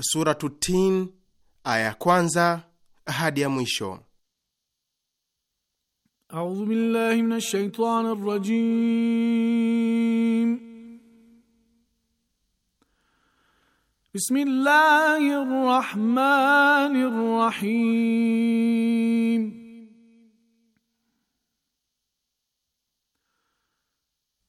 Suratu Tin aya kwanza hadi ya mwisho. A'udhu billahi minash shaitani rrajim. Bismillahir rahmanir rahim.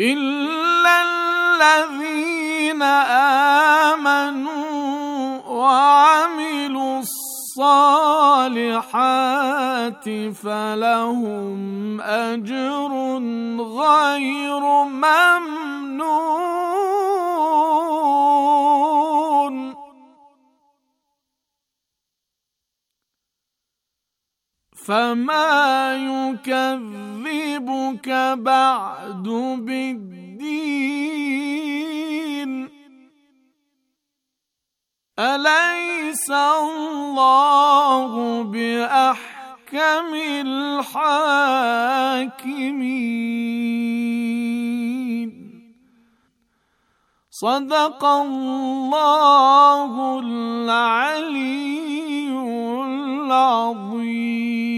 إلا الذين آمنوا وعملوا الصالحات فلهم أجر غير ممنون فما يكذب ربك بعد بالدين أليس الله بأحكم الحاكمين صدق الله العلي العظيم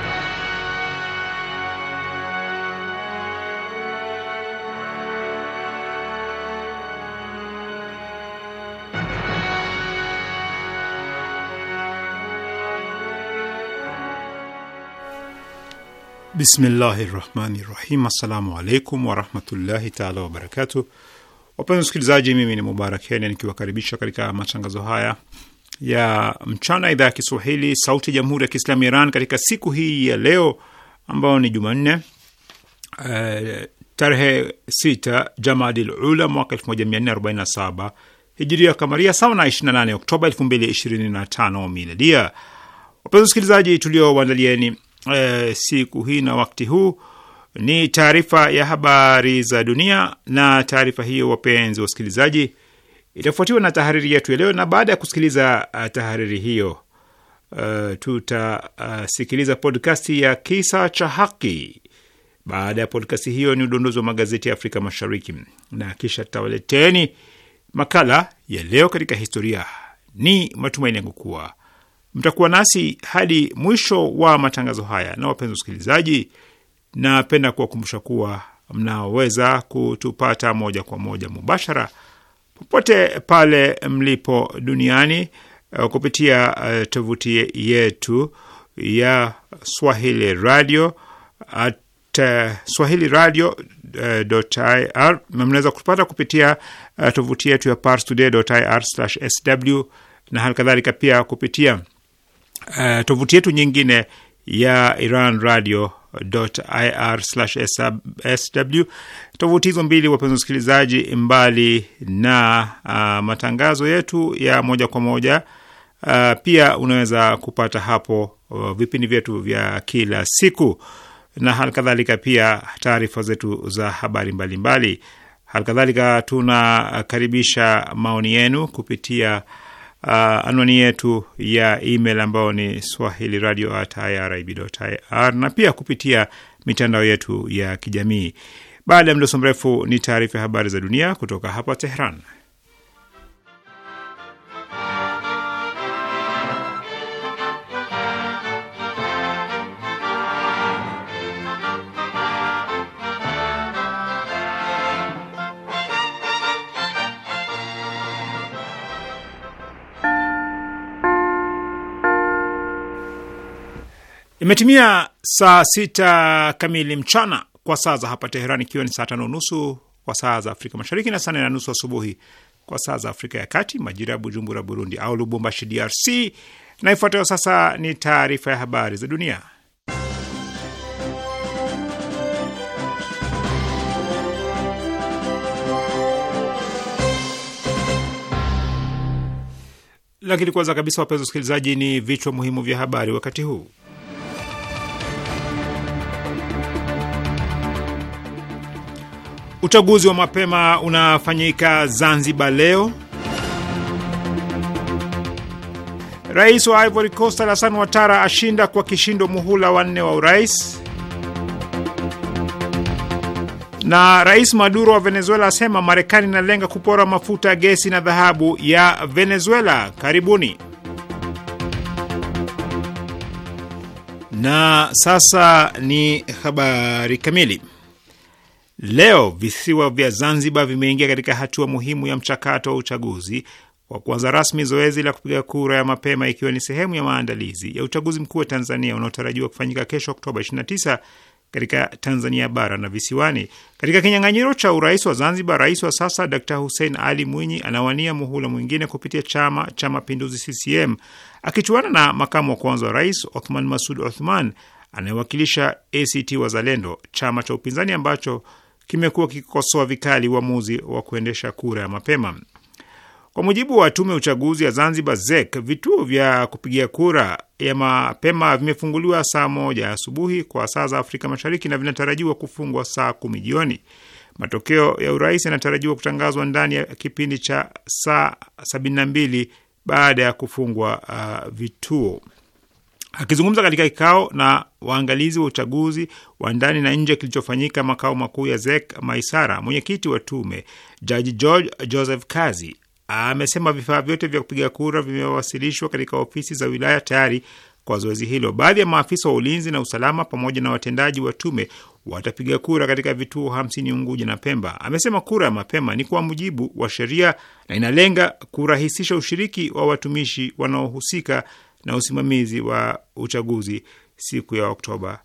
Bismillahi rahmani rahim. Assalamu alaikum warahmatullahi taala wabarakatu. Wapenzi msikilizaji, mimi ni Mubarak Kenya nikiwakaribisha katika matangazo haya ya mchana, idhaa ya Kiswahili sauti ya jamhuri ya Kiislamu Iran katika siku hii ya leo ambayo ni Jumanne uh, tarehe 6 Jamadil Ula mwaka 1447 hijiria kamaria, sawa na 28 Oktoba 2025 miladia. Wapenzi wasikilizaji, tuliowaandalieni e, siku hii na wakati huu ni taarifa ya habari za dunia, na taarifa hiyo, wapenzi wa wasikilizaji, itafuatiwa na tahariri yetu ya leo, na baada ya kusikiliza eh, tahariri hiyo Uh, tutasikiliza uh, podkasti ya kisa cha haki. Baada ya podkasti hiyo ni udondozi wa magazeti ya Afrika Mashariki, na kisha tutawaleteni makala ya leo katika historia. Ni matumaini yangu kuwa Mtakuwa nasi hadi mwisho wa matangazo haya. Na wapenzi wasikilizaji, napenda kuwakumbusha kuwa mnaweza kutupata moja kwa moja mubashara popote pale mlipo duniani eh, kupitia eh, tovuti yetu ya Swahili Radio at eh, Swahili Radio ir. Mnaweza kutupata kupitia tovuti yetu ya parstoday ir sw na hali kadhalika pia kupitia Uh, tovuti yetu nyingine ya Iran radio ir sw. Tovuti hizo mbili, wapenzi wasikilizaji, mbali na uh, matangazo yetu ya moja kwa moja uh, pia unaweza kupata hapo uh, vipindi vyetu vya kila siku na halikadhalika pia taarifa zetu za habari mbalimbali. Halikadhalika tunakaribisha maoni yenu kupitia uh, anwani yetu ya email ambayo ni swahili radio at irib.ir na pia kupitia mitandao yetu ya kijamii. Baada ya mdoso mrefu ni taarifa ya habari za dunia kutoka hapa Tehran. Imetimia saa sita kamili mchana kwa saa za hapa teheran ikiwa ni saa tano nusu kwa saa za Afrika Mashariki na saa nne na nusu asubuhi kwa saa za Afrika ya Kati, majira ya Bujumbura, Burundi au Lubumbashi, DRC. Na ifuatayo sasa ni taarifa ya habari za dunia, lakini kwanza kabisa, wapenzi wasikilizaji, ni vichwa muhimu vya habari wakati huu. Uchaguzi wa mapema unafanyika Zanzibar leo. Rais wa Ivory Coast Alassane Ouattara ashinda kwa kishindo muhula wanne wa urais, na Rais Maduro wa Venezuela asema Marekani inalenga kupora mafuta, gesi na dhahabu ya Venezuela. Karibuni. Na sasa ni habari kamili. Leo visiwa vya Zanzibar vimeingia katika hatua muhimu ya mchakato wa uchaguzi kwa kuanza rasmi zoezi la kupiga kura ya mapema, ikiwa ni sehemu ya maandalizi ya uchaguzi mkuu wa Tanzania unaotarajiwa kufanyika kesho Oktoba 29 katika Tanzania bara na visiwani. Katika kinyang'anyiro cha urais wa Zanzibar, rais wa sasa Dr Hussein Ali Mwinyi anawania muhula mwingine kupitia Chama cha Mapinduzi, CCM, akichuana na makamu wa kwanza wa rais Othman Masud Othman anayewakilisha ACT Wazalendo, chama cha upinzani ambacho kimekuwa kikikosoa vikali uamuzi wa, wa kuendesha kura ya mapema. Kwa mujibu wa tume ya uchaguzi ya Zanzibar, ZEK, vituo vya kupigia kura ya mapema vimefunguliwa saa moja asubuhi kwa saa za Afrika Mashariki na vinatarajiwa kufungwa saa kumi jioni. Matokeo ya urais yanatarajiwa kutangazwa ndani ya kipindi cha saa mbili baada ya kufungwa uh, vituo. Akizungumza katika kikao na waangalizi wa uchaguzi wa ndani na nje kilichofanyika makao makuu ya ZEK Maisara, mwenyekiti wa tume Jaji George Joseph Kazi amesema vifaa vyote vya kupiga kura vimewasilishwa katika ofisi za wilaya tayari kwa zoezi hilo. Baadhi ya maafisa wa ulinzi na usalama pamoja na watendaji wa tume watapiga kura katika vituo hamsini Unguja na Pemba. Amesema kura ya mapema ni kwa mujibu wa sheria na inalenga kurahisisha ushiriki wa watumishi wanaohusika na usimamizi wa uchaguzi siku ya Oktoba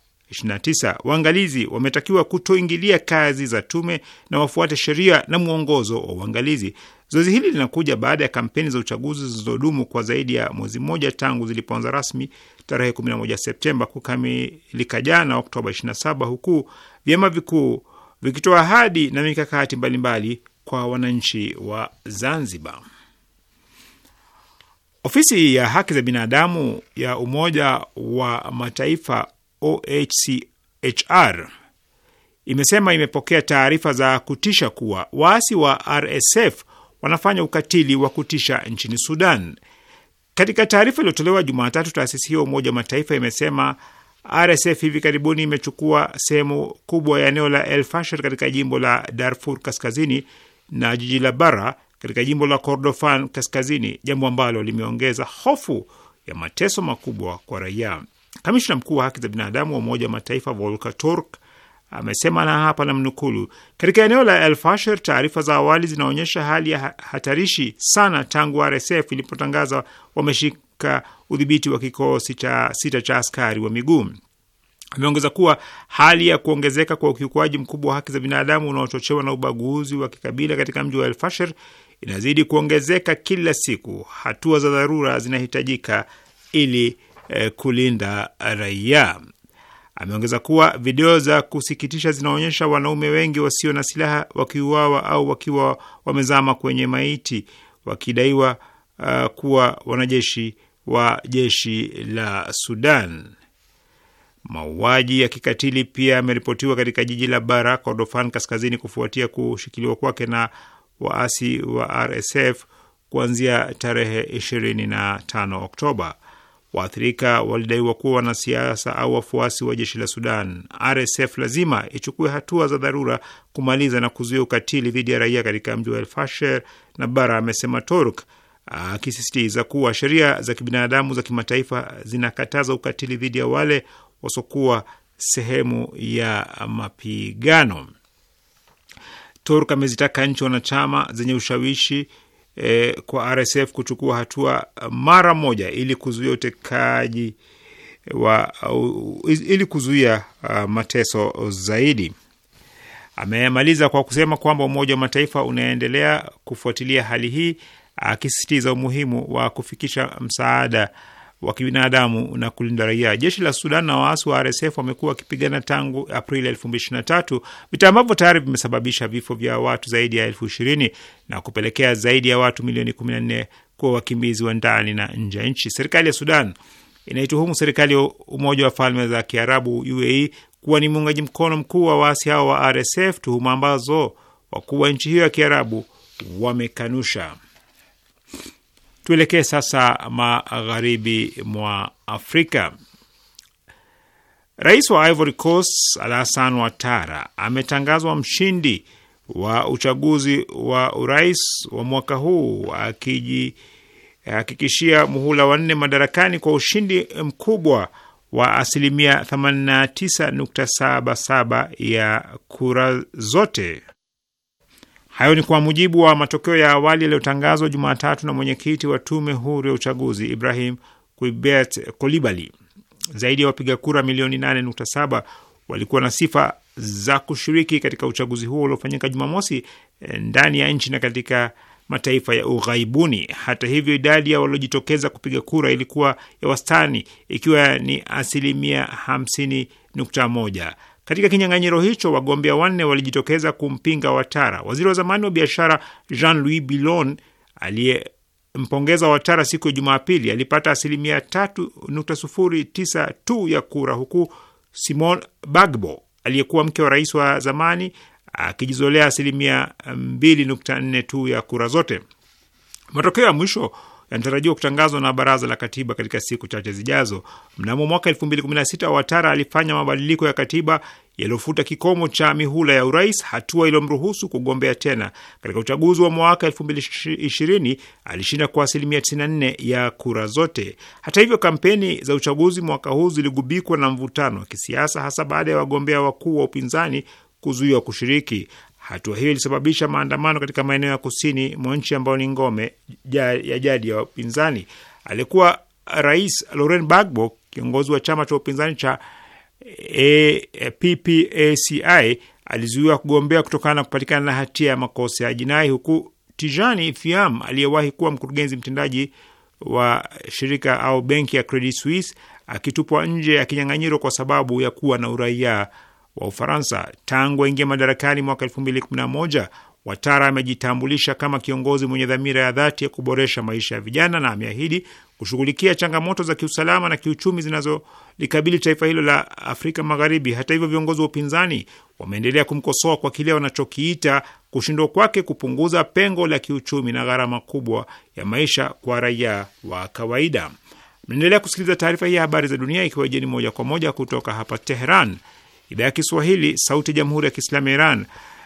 29. Waangalizi wametakiwa kutoingilia kazi za tume na wafuate sheria na mwongozo wa uangalizi. Zoezi hili linakuja baada ya kampeni za uchaguzi zilizodumu kwa zaidi ya mwezi mmoja tangu zilipoanza rasmi tarehe 11 Septemba kukamilika jana Oktoba 27, huku vyama vikuu vikitoa ahadi na mikakati mbalimbali kwa wananchi wa Zanzibar. Ofisi ya haki za binadamu ya Umoja wa Mataifa OHCHR imesema imepokea taarifa za kutisha kuwa waasi wa RSF wanafanya ukatili wa kutisha nchini Sudan. Katika taarifa iliyotolewa Jumatatu, taasisi hiyo Umoja wa Mataifa imesema RSF hivi karibuni imechukua sehemu kubwa ya eneo la El Fasher katika jimbo la Darfur Kaskazini na jiji la Bara katika jimbo la Kordofan Kaskazini, jambo ambalo limeongeza hofu ya mateso makubwa kwa raia. Kamishna mkuu wa haki za binadamu wa Umoja wa Mataifa Volker Turk amesema na hapa na mnukulu katika eneo la El Fasher taarifa za awali zinaonyesha hali ya hatarishi sana tangu RSF ilipotangaza wameshika udhibiti wa kikosi cha sita cha askari wa miguu. Ameongeza kuwa hali ya kuongezeka kwa ukiukwaji mkubwa wa haki za binadamu unaochochewa na ubaguzi wa kikabila katika mji wa El Fasher inazidi kuongezeka kila siku. Hatua za dharura zinahitajika ili e, kulinda raia. Ameongeza kuwa video za kusikitisha zinaonyesha wanaume wengi wasio na silaha wakiuawa au wakiwa wamezama kwenye maiti wakidaiwa uh, kuwa wanajeshi wa jeshi la Sudan. Mauaji ya kikatili pia yameripotiwa katika jiji la Bara Kordofan kaskazini kufuatia kushikiliwa kwake na waasi wa RSF kuanzia tarehe 25 Oktoba. Waathirika walidaiwa kuwa wanasiasa au wafuasi wa jeshi la Sudan. RSF lazima ichukue hatua za dharura kumaliza na kuzuia ukatili dhidi ya raia katika mji wa elfasher na Bara, amesema turk akisisitiza kuwa sheria za kibinadamu za kimataifa zinakataza ukatili dhidi ya wale wasiokuwa sehemu ya mapigano. Turk amezitaka nchi wanachama zenye ushawishi e, kwa RSF kuchukua hatua mara moja ili kuzuia utekaji wa uh, ili kuzuia uh, mateso zaidi. Amemaliza kwa kusema kwamba Umoja wa Mataifa unaendelea kufuatilia hali hii, akisisitiza umuhimu wa kufikisha msaada wa kibinadamu na kulinda raia. Jeshi la Sudan na waasi wa RSF wamekuwa wakipigana tangu Aprili 2023, vita ambavyo tayari vimesababisha vifo vya watu zaidi ya elfu ishirini na kupelekea zaidi ya watu milioni 14 kuwa wakimbizi wa ndani na nje ya nchi. Serikali ya Sudan inaituhumu serikali ya Umoja wa Falme za Kiarabu UAE kuwa ni muungaji mkono mkuu wa waasi hao wa RSF, tuhuma ambazo wakuu wa nchi hiyo ya Kiarabu wamekanusha. Tuelekee sasa magharibi mwa Afrika. Rais wa Ivory Coast Alassane Ouattara ametangazwa mshindi wa uchaguzi wa urais wa mwaka huu akijihakikishia muhula wanne madarakani kwa ushindi mkubwa wa asilimia 89.77 ya kura zote. Hayo ni kwa mujibu wa matokeo ya awali yaliyotangazwa Jumatatu na mwenyekiti wa tume huru ya uchaguzi Ibrahim Kuibet Kolibali. Zaidi ya wapiga kura milioni 8.7 walikuwa na sifa za kushiriki katika uchaguzi huo uliofanyika Jumamosi eh, ndani ya nchi na katika mataifa ya ughaibuni. Hata hivyo, idadi ya waliojitokeza kupiga kura ilikuwa ya wastani, ikiwa ni asilimia 50.1. Katika kinyang'anyiro hicho wagombea wanne walijitokeza kumpinga Watara. Waziri wa zamani wa biashara Jean Louis Billon aliyempongeza Watara siku ya Jumapili alipata asilimia tatu tu ya kura, huku Simon Bagbo aliyekuwa mke wa rais wa zamani akijizolea asilimia 24 tu ya kura zote. Matokeo ya mwisho yanatarajiwa kutangazwa na baraza la katiba katika siku chache zijazo. Mnamo mwaka 2016 Watara alifanya mabadiliko ya katiba yaliyofuta kikomo cha mihula ya urais, hatua iliyomruhusu kugombea tena katika uchaguzi wa mwaka 2020. Alishinda kwa asilimia 94 ya kura zote. Hata hivyo, kampeni za uchaguzi mwaka huu ziligubikwa na mvutano wa kisiasa, hasa baada ya wagombea wakuu wa upinzani kuzuiwa kushiriki. Hatua hiyo ilisababisha maandamano katika maeneo ya kusini mwa nchi ambayo ni ngome ya jadi ya wapinzani. Alikuwa Rais Laurent Gbagbo, kiongozi wa chama cha upinzani cha PPACI, alizuiwa kugombea kutokana na kupatikana na hatia ya makosa ya jinai, huku Tijani Fiam aliyewahi kuwa mkurugenzi mtendaji wa shirika au benki ya Credit Suisse akitupwa nje ya kinyang'anyiro kwa sababu ya kuwa na uraia wa Ufaransa. Tangu aingia madarakani mwaka moja, Watara amejitambulisha kama kiongozi mwenye dhamira ya dhati ya kuboresha maisha ya vijana na ameahidi kushughulikia changamoto za kiusalama na kiuchumi zinazolikabili taifa hilo la Afrika Magharibi. Hata hivyo, viongozi wa upinzani wameendelea kumkosoa kwa kile wanachokiita kushindwa kwake kupunguza pengo la kiuchumi na gharama kubwa ya maisha kwa raia wa kawaida. Mnaendelea kusikiliza taarifa hii ya habari za dunia, ikiwa jeni moja kwa moja kutoka hapa Teheran, idhaa ya Kiswahili, sauti ya jamhuri ya kiislamu ya Iran.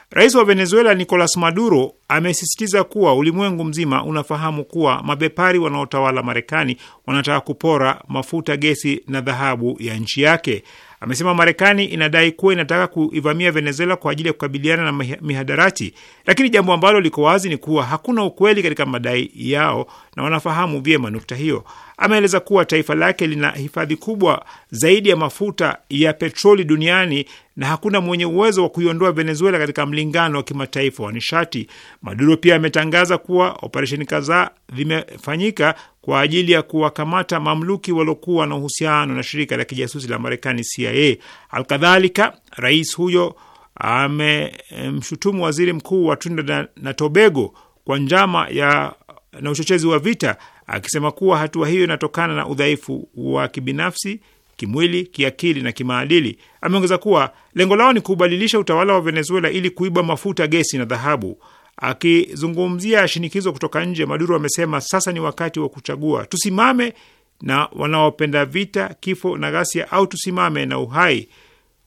Rais wa Venezuela Nicolas Maduro amesisitiza kuwa ulimwengu mzima unafahamu kuwa mabepari wanaotawala Marekani wanataka kupora mafuta, gesi na dhahabu ya nchi yake. Amesema Marekani inadai kuwa inataka kuivamia Venezuela kwa ajili ya kukabiliana na mihadarati, lakini jambo ambalo liko wazi ni kuwa hakuna ukweli katika madai yao na wanafahamu vyema nukta hiyo. Ameeleza kuwa taifa lake lina hifadhi kubwa zaidi ya mafuta ya petroli duniani na hakuna mwenye uwezo wa kuiondoa Venezuela katika mlingano wa kimataifa wa nishati. Maduro pia ametangaza kuwa operesheni kadhaa vimefanyika kwa ajili ya kuwakamata mamluki waliokuwa na uhusiano na shirika la kijasusi la Marekani CIA. Alkadhalika, rais huyo amemshutumu waziri mkuu wa Trinidad na Tobago kwa njama ya na uchochezi wa vita akisema kuwa hatua hiyo inatokana na udhaifu wa kibinafsi, kimwili, kiakili na kimaadili. Ameongeza kuwa lengo lao ni kubadilisha utawala wa Venezuela ili kuiba mafuta, gesi na dhahabu. Akizungumzia shinikizo kutoka nje, Maduro amesema sasa ni wakati wa kuchagua: tusimame na wanaopenda vita, kifo na ghasia, au tusimame na uhai.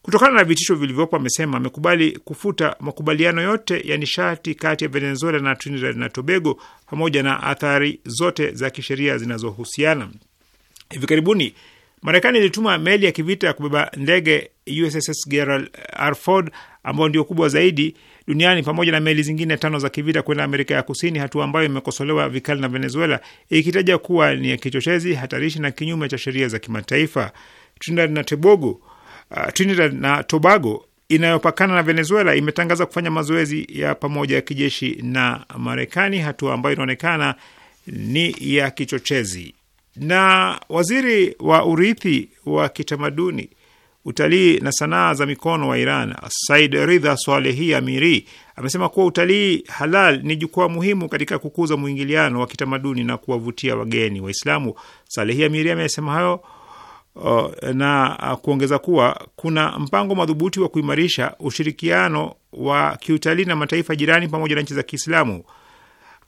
Kutokana na vitisho vilivyopo, amesema amekubali kufuta makubaliano yote ya nishati kati ya Venezuela na Trinidad na Tobago pamoja na athari zote za kisheria zinazohusiana. Hivi karibuni Marekani ilituma meli ya kivita ya kubeba ndege USS Gerald R. Ford ambayo ndio kubwa zaidi duniani pamoja na meli zingine tano za kivita kwenda Amerika ya Kusini, hatua ambayo imekosolewa vikali na Venezuela ikitaja kuwa ni ya kichochezi, hatarishi na kinyume cha sheria za kimataifa. Trinidad na Tobago Uh, Trinidad na Tobago inayopakana na Venezuela imetangaza kufanya mazoezi ya pamoja ya kijeshi na Marekani, hatua ambayo inaonekana ni ya kichochezi. Na waziri wa urithi wa kitamaduni, utalii na sanaa za mikono wa Iran, Said Ridha Swalehi Amiri, amesema kuwa utalii halal ni jukwaa muhimu katika kukuza mwingiliano wa kitamaduni na kuwavutia wageni Waislamu. Salehi Amiri amesema hayo na kuongeza kuwa kuna mpango madhubuti wa kuimarisha ushirikiano wa kiutalii na mataifa jirani pamoja na nchi za Kiislamu.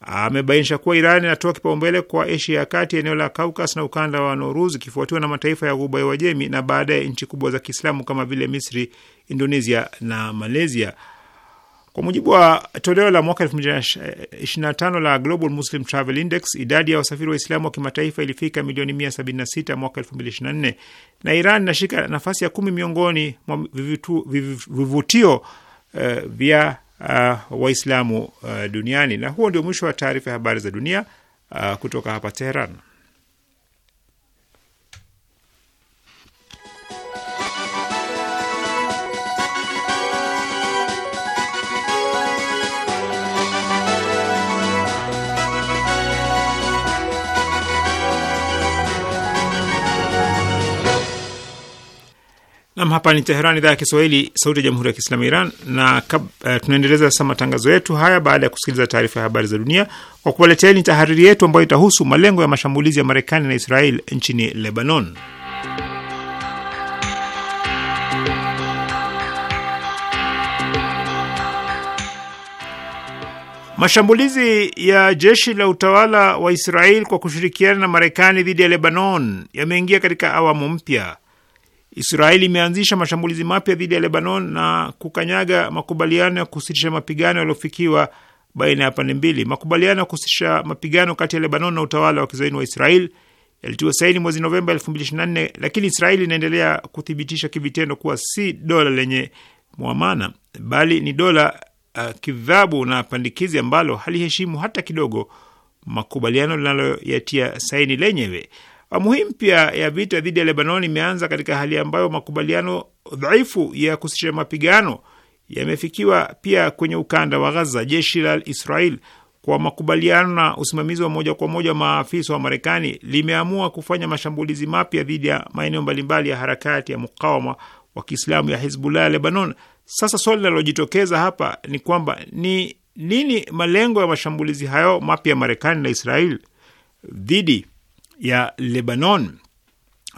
Amebainisha kuwa Iran inatoa kipaumbele kwa Asia ya Kati, eneo la Kaukas na ukanda wa Noruz, ikifuatiwa na mataifa ya Ghuba ya Uajemi na baadaye nchi kubwa za Kiislamu kama vile Misri, Indonesia na Malaysia. Kwa mujibu wa toleo la mwaka 2025 la Global Muslim Travel Index, idadi ya wasafiri Waislamu wa kimataifa ilifika milioni 176 mwaka 2024 na Iran inashika nafasi ya kumi miongoni mwa vivutio uh, vya uh, Waislamu uh, duniani. Na huo ndio mwisho wa taarifa ya habari za dunia uh, kutoka hapa Teheran. Nam, hapa ni Teheran, idhaa ya Kiswahili, sauti ya jamhuri ya kiislamu ya Iran na uh, tunaendeleza sasa matangazo yetu haya baada ya kusikiliza taarifa ya habari za dunia kwa ni tahariri yetu ambayo itahusu malengo ya mashambulizi ya Marekani na Israel nchini Lebanon. Mashambulizi ya jeshi la utawala wa Israel kwa kushirikiana na Marekani dhidi ya Lebanon yameingia katika awamu mpya Israeli imeanzisha mashambulizi mapya dhidi ya Lebanon na kukanyaga makubaliano ya kusitisha mapigano yaliyofikiwa baina ya pande mbili. Makubaliano ya kusitisha mapigano kati ya Lebanon na utawala wa kizaini wa Israel yalitiwa saini mwezi Novemba 2024 lakini Israeli inaendelea kuthibitisha kivitendo kuwa si dola lenye mwamana, bali ni dola uh, kidhabu na pandikizi ambalo haliheshimu hata kidogo makubaliano linaloyatia saini lenyewe muhimu pia ya vita dhidi ya Lebanon imeanza katika hali ambayo makubaliano dhaifu ya kusitisha mapigano yamefikiwa pia kwenye ukanda wa Gaza. Jeshi la Israel kwa makubaliano na usimamizi wa moja kwa moja maafisa wa Marekani limeamua kufanya mashambulizi mapya dhidi ya maeneo mbalimbali ya harakati ya mukawama wa Kiislamu ya Hizbullah ya Lebanon. Sasa swali linalojitokeza hapa ni kwamba ni nini malengo ya mashambulizi hayo mapya ya Marekani na Israel dhidi ya Lebanon.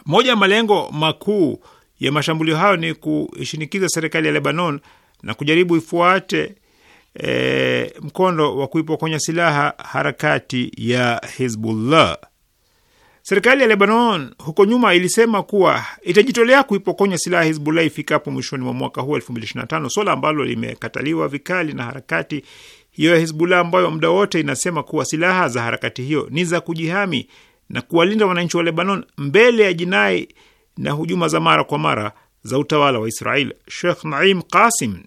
Moja ya malengo makuu ya mashambulio hayo ni kushinikiza serikali ya Lebanon na kujaribu ifuate e, mkondo wa kuipokonya silaha harakati ya Hezbollah. Serikali ya Lebanon huko nyuma ilisema kuwa itajitolea kuipokonya silaha Hizbullah ifikapo mwishoni mwa mwaka huu 2025, swala ambalo limekataliwa vikali na harakati hiyo ya Hizbullah ambayo muda wote inasema kuwa silaha za harakati hiyo ni za kujihami na kuwalinda wananchi wa Lebanon mbele ya jinai na hujuma za mara kwa mara za utawala wa Israel. Sheikh Naim Qasim,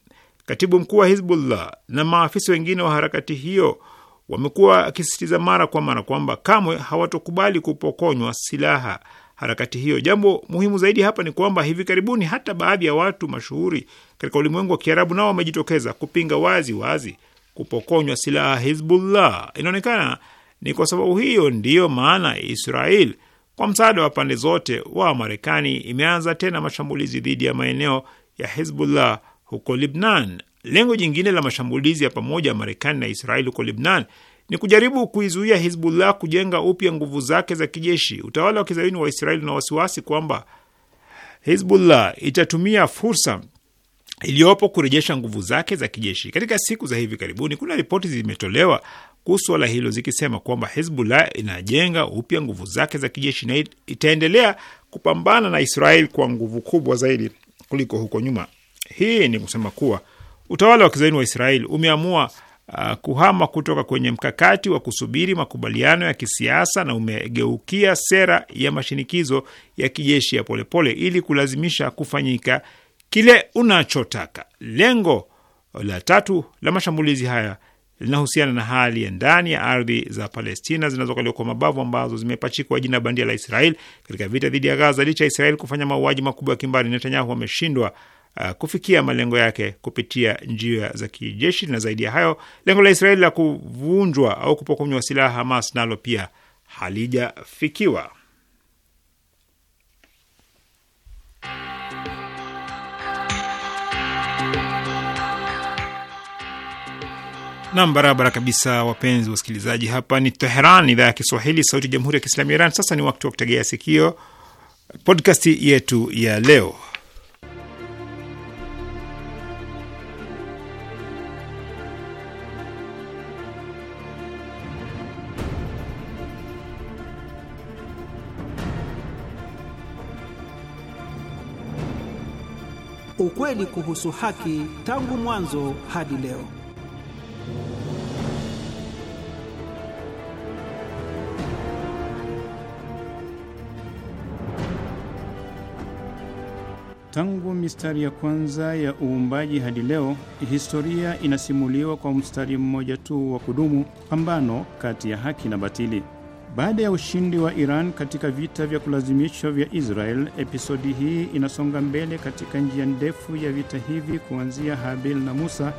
katibu mkuu wa Hizbullah, na maafisa wengine wa harakati hiyo wamekuwa akisisitiza mara kwa mara kwamba kamwe hawatokubali kupokonywa silaha harakati hiyo. Jambo muhimu zaidi hapa ni kwamba hivi karibuni hata baadhi ya watu mashuhuri katika ulimwengu wa Kiarabu nao wamejitokeza kupinga wazi wazi kupokonywa silaha Hizbullah. Inaonekana ni kwa sababu hiyo ndiyo maana Israel kwa msaada wa pande zote wa Marekani imeanza tena mashambulizi dhidi ya maeneo ya Hezbollah huko Libnan. Lengo jingine la mashambulizi ya pamoja ya Marekani na Israel huko Libnan ni kujaribu kuizuia Hizbullah kujenga upya nguvu zake za kijeshi. Utawala wa kizayuni wa Israel una wasiwasi kwamba Hizbullah itatumia fursa iliyopo kurejesha nguvu zake za kijeshi. Katika siku za hivi karibuni, kuna ripoti zimetolewa kuhusu suala hilo zikisema kwamba Hizbullah inajenga upya nguvu zake za kijeshi na itaendelea kupambana na Israel kwa nguvu kubwa zaidi kuliko huko nyuma. Hii ni kusema kuwa utawala wa kizaini wa Israel umeamua uh, kuhama kutoka kwenye mkakati wa kusubiri makubaliano ya kisiasa na umegeukia sera ya mashinikizo ya kijeshi ya polepole ili kulazimisha kufanyika kile unachotaka. Lengo la tatu la mashambulizi haya linahusiana na hali ya ndani ya ardhi za Palestina zinazokaliwa kwa mabavu ambazo zimepachikwa jina bandia la Israel katika vita dhidi ya Gaza. Licha ya Israel kufanya mauaji makubwa ya kimbari, Netanyahu ameshindwa uh, kufikia malengo yake kupitia njia za kijeshi, na zaidi ya hayo, lengo la Israel la kuvunjwa au kupokonywa silaha Hamas nalo pia halijafikiwa. Nam, barabara kabisa, wapenzi wasikilizaji, hapa ni Teheran, idhaa ya Kiswahili, sauti ya jamhuri ya kiislamu ya Iran. Sasa ni wakati wa kutegea sikio podkasti yetu ya leo, ukweli kuhusu haki, tangu mwanzo hadi leo. Tangu mistari ya kwanza ya uumbaji hadi leo, historia inasimuliwa kwa mstari mmoja tu wa kudumu, pambano kati ya haki na batili. Baada ya ushindi wa Iran katika vita vya kulazimishwa vya Israel, episodi hii inasonga mbele katika njia ndefu ya vita hivi kuanzia Habil na Musa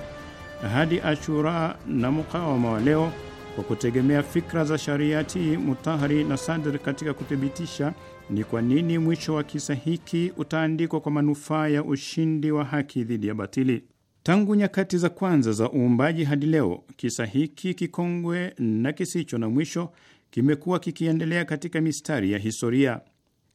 hadi Ashura na mukawama wa leo kwa kutegemea fikra za Shariati Mutahari na Sadr katika kuthibitisha ni kwa nini mwisho wa kisa hiki utaandikwa kwa manufaa ya ushindi wa haki dhidi ya batili. Tangu nyakati za kwanza za uumbaji hadi leo, kisa hiki kikongwe na kisicho na mwisho kimekuwa kikiendelea katika mistari ya historia,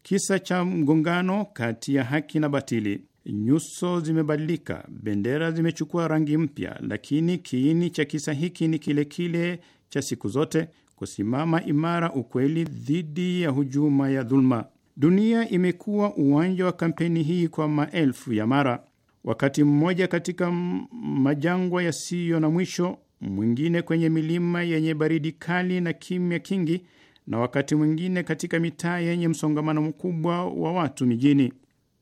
kisa cha mgongano kati ya haki na batili Nyuso zimebadilika, bendera zimechukua rangi mpya, lakini kiini cha kisa hiki ni kile kile cha siku zote: kusimama imara ukweli dhidi ya hujuma ya dhuluma. Dunia imekuwa uwanja wa kampeni hii kwa maelfu ya mara, wakati mmoja katika majangwa yasiyo na mwisho, mwingine kwenye milima yenye baridi kali na kimya kingi, na wakati mwingine katika mitaa yenye msongamano mkubwa wa watu mijini.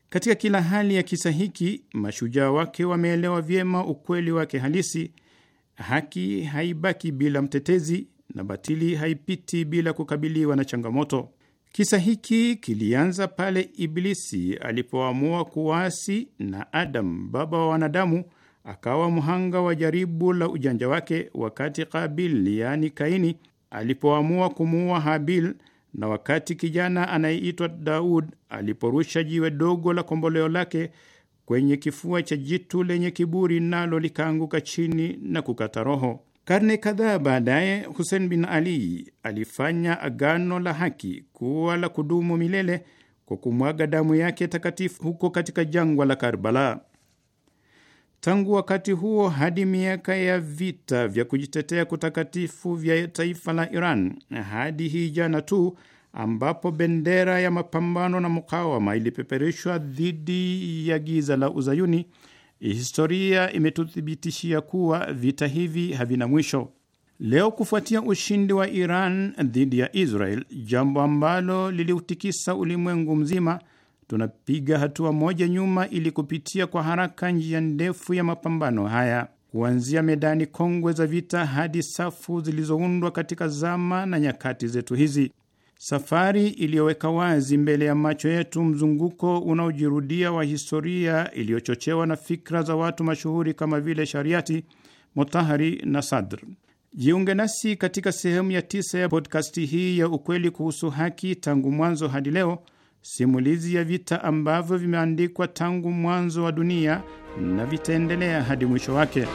Katika kila hali ya kisa hiki, mashujaa wake wameelewa vyema ukweli wake halisi: haki haibaki bila mtetezi na batili haipiti bila kukabiliwa na changamoto. Kisa hiki kilianza pale Iblisi alipoamua kuasi na Adamu, baba wa wanadamu, akawa mhanga wa jaribu la ujanja wake, wakati Kabil, yaani Kaini, alipoamua kumuua Habil na wakati kijana anayeitwa Daud aliporusha jiwe dogo la komboleo lake kwenye kifua cha jitu lenye kiburi, nalo likaanguka chini na kukata roho. Karne kadhaa baadaye, husen bin Ali alifanya agano la haki kuwa la kudumu milele kwa kumwaga damu yake takatifu huko katika jangwa la Karbala. Tangu wakati huo hadi miaka ya vita vya kujitetea kutakatifu vya taifa la Iran hadi hii jana tu ambapo bendera ya mapambano na mukawama ilipeperushwa dhidi ya giza la Uzayuni, historia imetuthibitishia kuwa vita hivi havina mwisho. Leo kufuatia ushindi wa Iran dhidi ya Israel, jambo ambalo liliutikisa ulimwengu mzima tunapiga hatua moja nyuma ili kupitia kwa haraka njia ndefu ya mapambano haya kuanzia medani kongwe za vita hadi safu zilizoundwa katika zama na nyakati zetu hizi. Safari iliyoweka wazi mbele ya macho yetu mzunguko unaojirudia wa historia iliyochochewa na fikra za watu mashuhuri kama vile Shariati, Motahari na Sadr. Jiunge nasi katika sehemu ya tisa ya podkasti hii ya ukweli kuhusu haki, tangu mwanzo hadi leo simulizi ya vita ambavyo vimeandikwa tangu mwanzo wa dunia na vitaendelea hadi mwisho wake.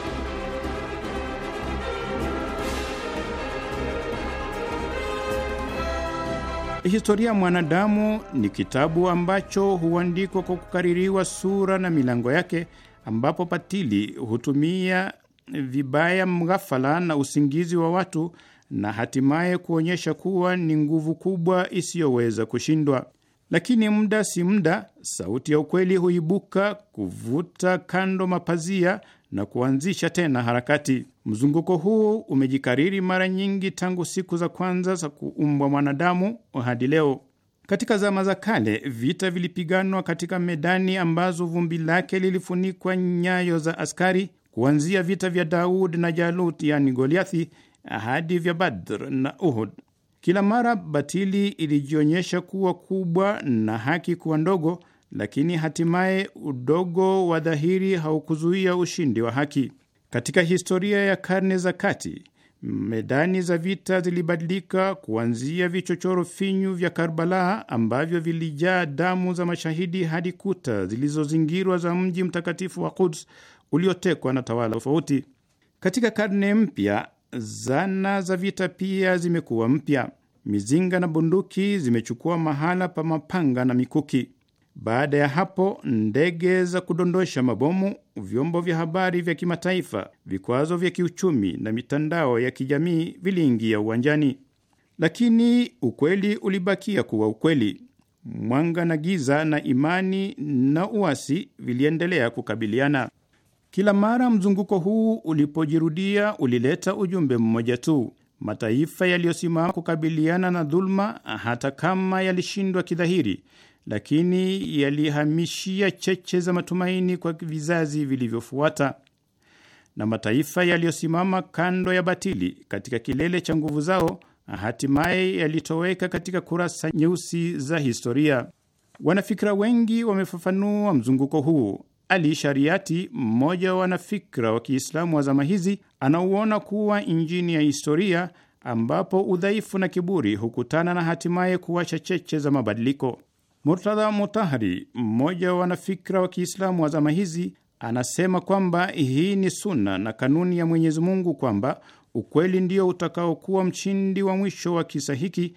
Historia ya mwanadamu ni kitabu ambacho huandikwa kwa kukaririwa sura na milango yake, ambapo patili hutumia vibaya mghafala na usingizi wa watu na hatimaye kuonyesha kuwa ni nguvu kubwa isiyoweza kushindwa lakini muda si muda, sauti ya ukweli huibuka kuvuta kando mapazia na kuanzisha tena harakati. Mzunguko huu umejikariri mara nyingi tangu siku za kwanza za kuumbwa mwanadamu hadi leo. Katika zama za kale vita vilipiganwa katika medani ambazo vumbi lake lilifunikwa nyayo za askari, kuanzia vita vya Daudi na Jalut, yani Goliathi, hadi vya Badr na Uhud. Kila mara batili ilijionyesha kuwa kubwa na haki kuwa ndogo, lakini hatimaye udogo wa dhahiri haukuzuia ushindi wa haki. Katika historia ya karne za kati, medani za vita zilibadilika kuanzia vichochoro finyu vya Karbala ambavyo vilijaa damu za mashahidi hadi kuta zilizozingirwa za mji mtakatifu wa Quds uliotekwa na tawala tofauti. Katika karne mpya zana za vita pia zimekuwa mpya. Mizinga na bunduki zimechukua mahala pa mapanga na mikuki. Baada ya hapo, ndege za kudondosha mabomu, vyombo vya habari vya kimataifa, vikwazo vya kiuchumi na mitandao ya kijamii viliingia uwanjani, lakini ukweli ulibakia kuwa ukweli. Mwanga na giza na imani na uasi viliendelea kukabiliana. Kila mara mzunguko huu ulipojirudia ulileta ujumbe mmoja tu: mataifa yaliyosimama kukabiliana na dhuluma, hata kama yalishindwa kidhahiri, lakini yalihamishia cheche za matumaini kwa vizazi vilivyofuata, na mataifa yaliyosimama kando ya batili katika kilele cha nguvu zao hatimaye yalitoweka katika kurasa nyeusi za historia. Wanafikira wengi wamefafanua mzunguko huu ali Shariati, mmoja wa wanafikra wa Kiislamu wa zama hizi, anauona kuwa injini ya historia ambapo udhaifu na kiburi hukutana na hatimaye kuwacha cheche za mabadiliko. Murtadha Mutahari, mmoja wa wanafikra wa Kiislamu wa zama hizi, anasema kwamba hii ni suna na kanuni ya Mwenyezi Mungu, kwamba ukweli ndio utakaokuwa mshindi wa mwisho wa kisa hiki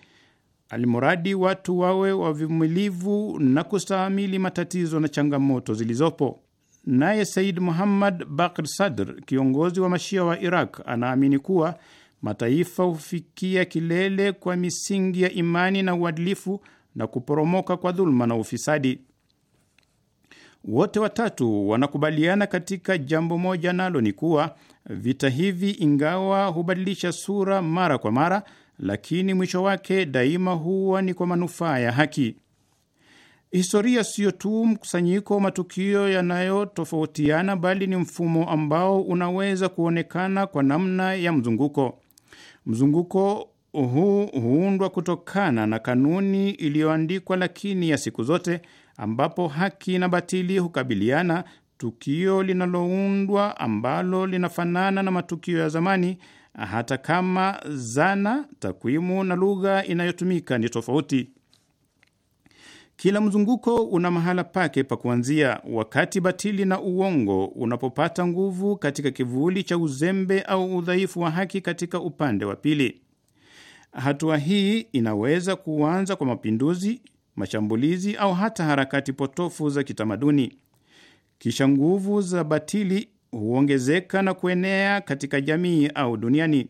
alimuradi watu wawe wavumilivu na kustahamili matatizo na changamoto zilizopo. Naye Said Muhammad Bakr Sadr, kiongozi wa Mashia wa Iraq, anaamini kuwa mataifa hufikia kilele kwa misingi ya imani na uadilifu na kuporomoka kwa dhuluma na ufisadi. Wote watatu wanakubaliana katika jambo moja, nalo ni kuwa vita hivi, ingawa hubadilisha sura mara kwa mara, lakini mwisho wake daima huwa ni kwa manufaa ya haki. Historia siyo tu mkusanyiko wa matukio yanayotofautiana, bali ni mfumo ambao unaweza kuonekana kwa namna ya mzunguko. Mzunguko huu huundwa kutokana na kanuni iliyoandikwa lakini ya siku zote, ambapo haki na batili hukabiliana, tukio linaloundwa ambalo linafanana na matukio ya zamani hata kama zana, takwimu na lugha inayotumika ni tofauti. Kila mzunguko una mahala pake pa kuanzia. Wakati batili na uongo unapopata nguvu katika kivuli cha uzembe au udhaifu wa haki katika upande wa pili, hatua hii inaweza kuanza kwa mapinduzi, mashambulizi au hata harakati potofu za kitamaduni. Kisha nguvu za batili huongezeka na kuenea katika jamii au duniani.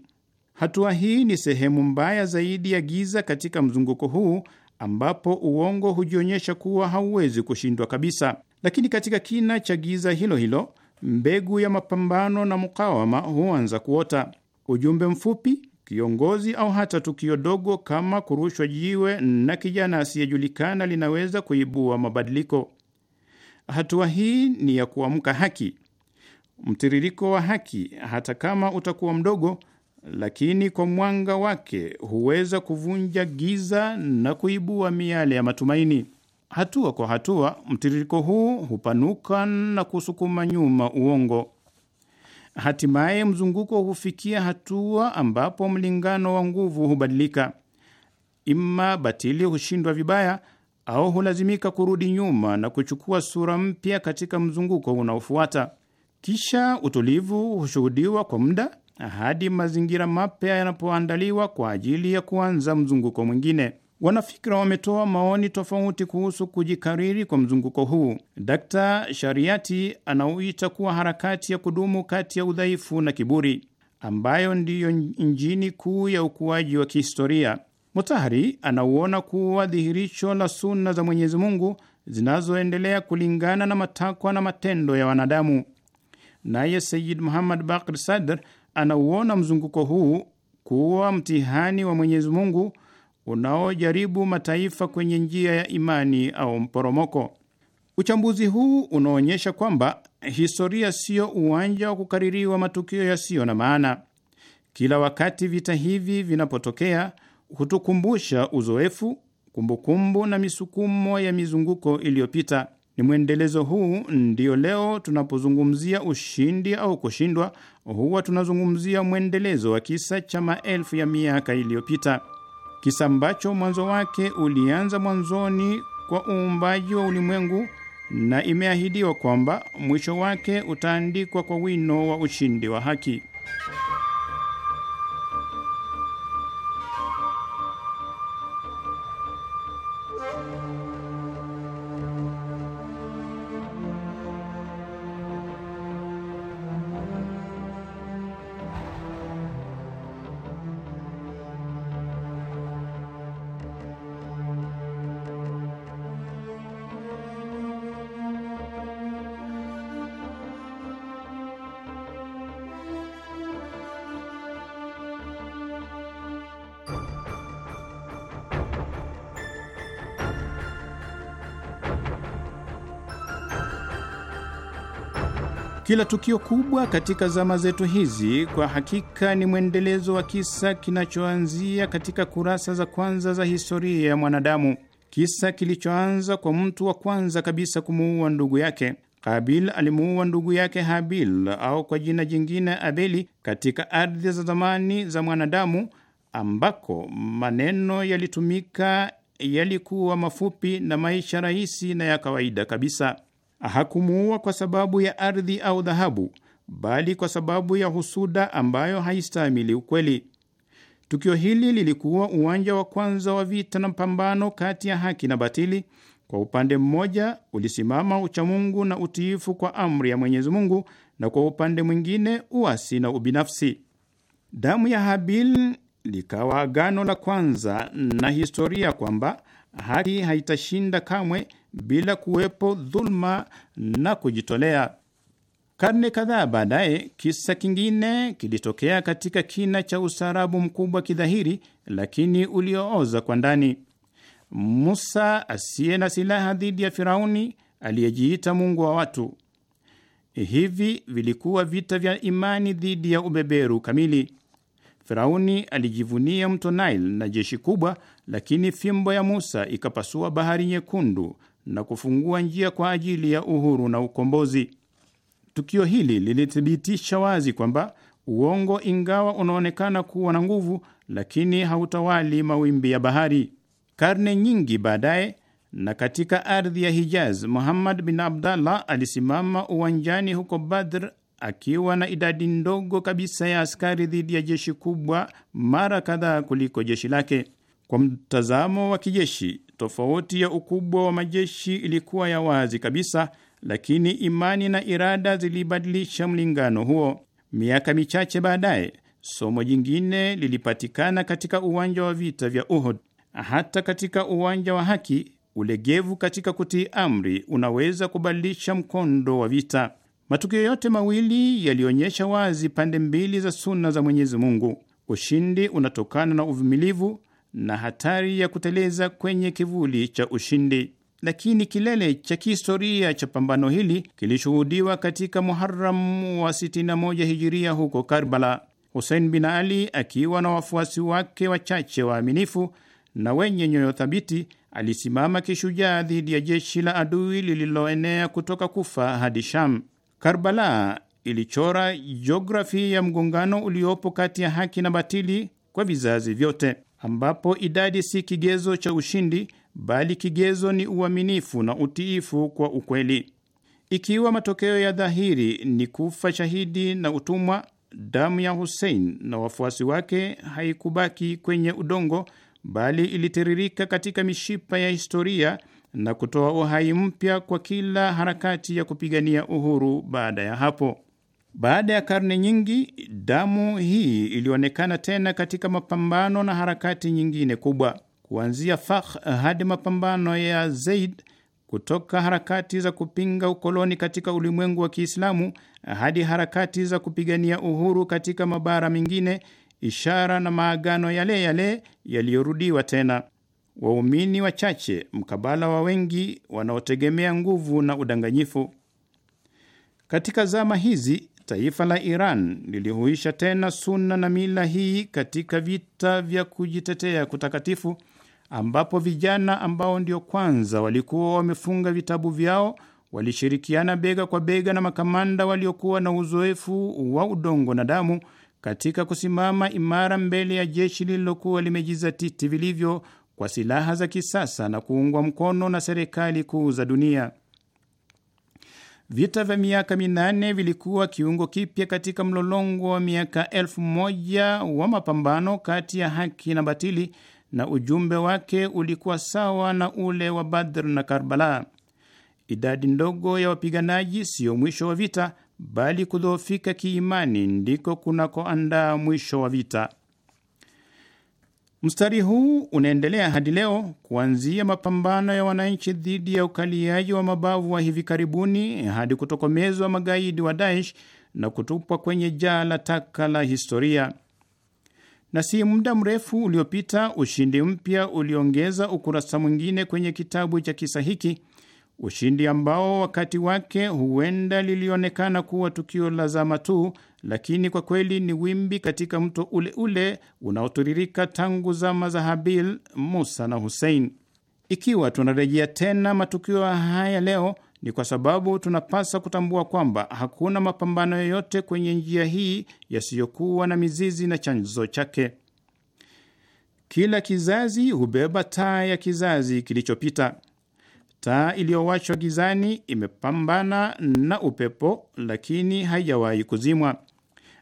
Hatua hii ni sehemu mbaya zaidi ya giza katika mzunguko huu ambapo uongo hujionyesha kuwa hauwezi kushindwa kabisa. Lakini katika kina cha giza hilo hilo, mbegu ya mapambano na mukawama huanza kuota. Ujumbe mfupi, kiongozi au hata tukio dogo kama kurushwa jiwe na kijana asiyejulikana linaweza kuibua mabadiliko. Hatua hii ni ya kuamka haki mtiririko wa haki, hata kama utakuwa mdogo, lakini kwa mwanga wake huweza kuvunja giza na kuibua miale ya matumaini. Hatua kwa hatua, mtiririko huu hupanuka na kusukuma nyuma uongo. Hatimaye mzunguko hufikia hatua ambapo mlingano wa nguvu hubadilika. Ima batili hushindwa vibaya au hulazimika kurudi nyuma na kuchukua sura mpya katika mzunguko unaofuata. Kisha utulivu hushuhudiwa kwa muda hadi mazingira mapya yanapoandaliwa kwa ajili ya kuanza mzunguko mwingine. Wanafikra wametoa maoni tofauti kuhusu kujikariri kwa mzunguko huu. Dkt Shariati anauita kuwa harakati ya kudumu kati ya udhaifu na kiburi, ambayo ndiyo injini kuu ya ukuaji wa kihistoria. Mutahari anauona kuwa dhihirisho la suna za Mwenyezi Mungu zinazoendelea kulingana na matakwa na matendo ya wanadamu. Naye Sayid Muhammad Bakr Sadr anauona mzunguko huu kuwa mtihani wa Mwenyezi Mungu unaojaribu mataifa kwenye njia ya imani au mporomoko. Uchambuzi huu unaonyesha kwamba historia siyo uwanja wa kukaririwa matukio yasiyo na maana. Kila wakati vita hivi vinapotokea, hutukumbusha uzoefu, kumbukumbu na misukumo ya mizunguko iliyopita. Ni mwendelezo huu ndio leo tunapozungumzia ushindi au kushindwa, huwa tunazungumzia mwendelezo wa kisa cha maelfu ya miaka iliyopita, kisa ambacho mwanzo wake ulianza mwanzoni kwa uumbaji wa ulimwengu na imeahidiwa kwamba mwisho wake utaandikwa kwa wino wa ushindi wa haki. Kila tukio kubwa katika zama zetu hizi kwa hakika ni mwendelezo wa kisa kinachoanzia katika kurasa za kwanza za historia ya mwanadamu, kisa kilichoanza kwa mtu wa kwanza kabisa kumuua ndugu yake. Kabil alimuua ndugu yake Habil au kwa jina jingine Abeli katika ardhi za zamani za mwanadamu, ambako maneno yalitumika yalikuwa mafupi na maisha rahisi na ya kawaida kabisa. Hakumuua kwa sababu ya ardhi au dhahabu, bali kwa sababu ya husuda ambayo haistahimili ukweli. Tukio hili lilikuwa uwanja wa kwanza wa vita na mpambano kati ya haki na batili. Kwa upande mmoja ulisimama uchamungu na utiifu kwa amri ya Mwenyezi Mungu, na kwa upande mwingine uasi na ubinafsi. Damu ya Habil likawa agano la kwanza na historia kwamba haki haitashinda kamwe bila kuwepo dhuluma na kujitolea. Karne kadhaa baadaye, kisa kingine kilitokea katika kina cha ustaarabu mkubwa kidhahiri, lakini uliooza kwa ndani. Musa asiye na silaha dhidi ya Firauni aliyejiita mungu wa watu. Hivi vilikuwa vita vya imani dhidi ya ubeberu kamili. Firauni alijivunia mto Nile na jeshi kubwa, lakini fimbo ya Musa ikapasua bahari nyekundu na kufungua njia kwa ajili ya uhuru na ukombozi. Tukio hili lilithibitisha wazi kwamba uongo, ingawa unaonekana kuwa na nguvu, lakini hautawali mawimbi ya bahari. Karne nyingi baadaye na katika ardhi ya Hijaz, Muhammad bin Abdallah alisimama uwanjani huko Badr akiwa na idadi ndogo kabisa ya askari dhidi ya jeshi kubwa mara kadhaa kuliko jeshi lake. Kwa mtazamo wa kijeshi, tofauti ya ukubwa wa majeshi ilikuwa ya wazi kabisa, lakini imani na irada zilibadilisha mlingano huo. Miaka michache baadaye, somo jingine lilipatikana katika uwanja wa vita vya Uhud. Hata katika uwanja wa haki, ulegevu katika kutii amri unaweza kubadilisha mkondo wa vita. Matukio yote mawili yalionyesha wazi pande mbili za suna za Mwenyezi Mungu. Ushindi unatokana na uvumilivu na hatari ya kuteleza kwenye kivuli cha ushindi. Lakini kilele cha kihistoria cha pambano hili kilishuhudiwa katika Muharam wa 61 hijiria huko Karbala, Husein bin Ali akiwa na wafuasi wake wachache waaminifu na wenye nyoyo thabiti alisimama kishujaa dhidi ya jeshi la adui lililoenea kutoka Kufa hadi Sham. Karbala ilichora jiografia ya mgongano uliopo kati ya haki na batili kwa vizazi vyote ambapo idadi si kigezo cha ushindi, bali kigezo ni uaminifu na utiifu kwa ukweli. Ikiwa matokeo ya dhahiri ni kufa shahidi na utumwa, damu ya husein na wafuasi wake haikubaki kwenye udongo, bali ilitiririka katika mishipa ya historia na kutoa uhai mpya kwa kila harakati ya kupigania uhuru baada ya hapo. Baada ya karne nyingi, damu hii ilionekana tena katika mapambano na harakati nyingine kubwa, kuanzia Fakh hadi mapambano ya Zaid, kutoka harakati za kupinga ukoloni katika ulimwengu wa Kiislamu hadi harakati za kupigania uhuru katika mabara mengine, ishara na maagano yale yale yaliyorudiwa tena. Waumini wachache mkabala wa wengi wanaotegemea nguvu na udanganyifu. Katika zama hizi Taifa la Iran lilihuisha tena sunna na mila hii katika vita vya kujitetea kutakatifu, ambapo vijana ambao ndio kwanza walikuwa wamefunga vitabu vyao walishirikiana bega kwa bega na makamanda waliokuwa na uzoefu wa udongo na damu katika kusimama imara mbele ya jeshi lililokuwa limejizatiti vilivyo kwa silaha za kisasa na kuungwa mkono na serikali kuu za dunia. Vita vya miaka minane vilikuwa kiungo kipya katika mlolongo wa miaka elfu moja wa mapambano kati ya haki na batili, na ujumbe wake ulikuwa sawa na ule wa Badr na Karbala. Idadi ndogo ya wapiganaji siyo mwisho wa vita, bali kudhoofika kiimani ndiko kunakoandaa mwisho wa vita. Mstari huu unaendelea hadi leo, kuanzia mapambano ya wananchi dhidi ya ukaliaji wa mabavu wa hivi karibuni hadi kutokomezwa magaidi wa Daesh na kutupwa kwenye jaa la taka la historia. Na si muda mrefu uliopita, ushindi mpya uliongeza ukurasa mwingine kwenye kitabu cha kisa hiki, ushindi ambao wakati wake huenda lilionekana kuwa tukio la zama tu, lakini kwa kweli ni wimbi katika mto ule ule unaotiririka tangu zama za Habil, Musa na Husein. Ikiwa tunarejea tena matukio haya leo, ni kwa sababu tunapasa kutambua kwamba hakuna mapambano yoyote kwenye njia hii yasiyokuwa na mizizi na chanzo chake. Kila kizazi hubeba taa ya kizazi kilichopita. Taa iliyowachwa gizani imepambana na upepo, lakini haijawahi kuzimwa.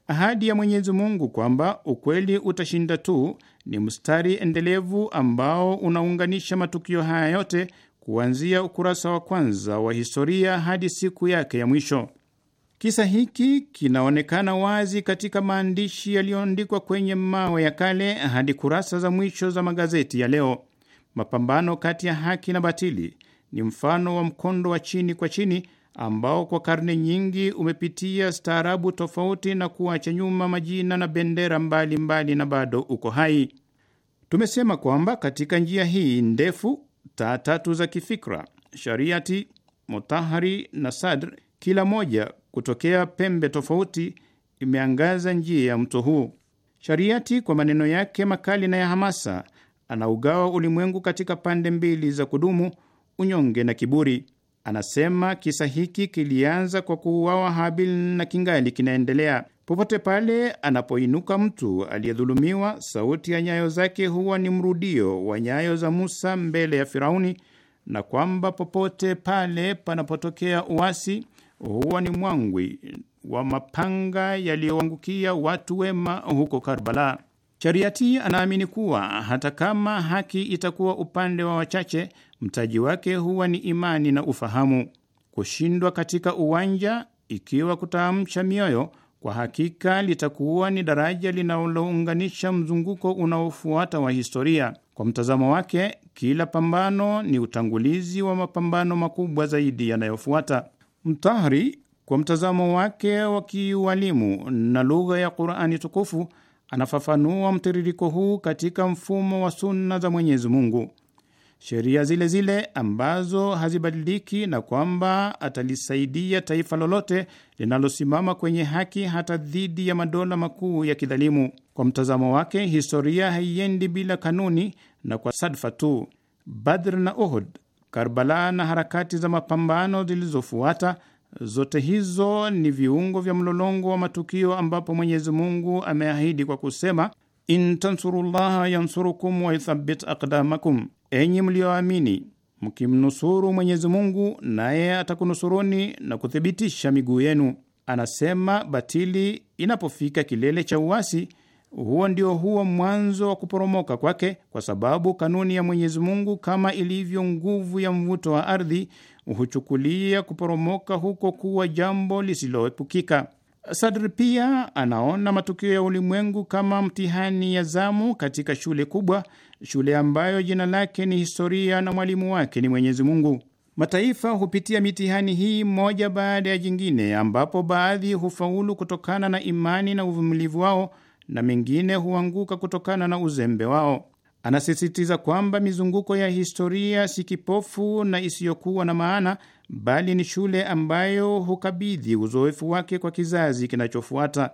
Ahadi ya Mwenyezi Mungu kwamba ukweli utashinda tu ni mstari endelevu ambao unaunganisha matukio haya yote kuanzia ukurasa wa kwanza wa historia hadi siku yake ya mwisho. Kisa hiki kinaonekana wazi katika maandishi yaliyoandikwa kwenye mawe ya kale hadi kurasa za mwisho za magazeti ya leo. Mapambano kati ya haki na batili ni mfano wa mkondo wa chini kwa chini ambao kwa karne nyingi umepitia staarabu tofauti na kuacha nyuma majina na bendera mbalimbali mbali na bado uko hai. Tumesema kwamba katika njia hii ndefu, taa tatu za kifikra, Shariati, motahari na Sadr, kila moja kutokea pembe tofauti, imeangaza njia ya mto huu. Shariati kwa maneno yake makali na ya hamasa anaugawa ulimwengu katika pande mbili za kudumu, unyonge na kiburi. Anasema kisa hiki kilianza kwa kuuawa Habil na kingali kinaendelea. Popote pale anapoinuka mtu aliyedhulumiwa, sauti ya nyayo zake huwa ni mrudio wa nyayo za Musa mbele ya Firauni, na kwamba popote pale panapotokea uasi huwa ni mwangwi wa mapanga yaliyoangukia watu wema huko Karbala. Chariati anaamini kuwa hata kama haki itakuwa upande wa wachache, mtaji wake huwa ni imani na ufahamu. Kushindwa katika uwanja, ikiwa kutaamsha mioyo, kwa hakika litakuwa ni daraja linalounganisha mzunguko unaofuata wa historia. Kwa mtazamo wake, kila pambano ni utangulizi wa mapambano makubwa zaidi yanayofuata. Mtahri kwa mtazamo wake wa kiualimu na lugha ya Qur'ani tukufu anafafanua mtiririko huu katika mfumo wa sunna za Mwenyezi Mungu, sheria zile zile ambazo hazibadiliki, na kwamba atalisaidia taifa lolote linalosimama kwenye haki hata dhidi ya madola makuu ya kidhalimu. Kwa mtazamo wake, historia haiendi bila kanuni, na kwa sadfa tu Badr na Uhud, Karbala na harakati za mapambano zilizofuata Zote hizo ni viungo vya mlolongo wa matukio ambapo Mwenyezi Mungu ameahidi kwa kusema, in tansurullaha yansurukum wa yuthabbit aqdamakum, enyi mliyoamini, mkimnusuru Mwenyezi Mungu naye atakunusuruni na kuthibitisha miguu yenu. Anasema batili inapofika kilele cha uasi, huo ndio huo mwanzo wa kuporomoka kwake, kwa sababu kanuni ya Mwenyezi Mungu, kama ilivyo nguvu ya mvuto wa ardhi huchukulia kuporomoka huko kuwa jambo lisiloepukika. Sadri pia anaona matukio ya ulimwengu kama mtihani ya zamu katika shule kubwa, shule ambayo jina lake ni historia na mwalimu wake ni Mwenyezi Mungu. Mataifa hupitia mitihani hii moja baada ya jingine, ambapo baadhi hufaulu kutokana na imani na uvumilivu wao na mengine huanguka kutokana na uzembe wao. Anasisitiza kwamba mizunguko ya historia si kipofu na isiyokuwa na maana, bali ni shule ambayo hukabidhi uzoefu wake kwa kizazi kinachofuata.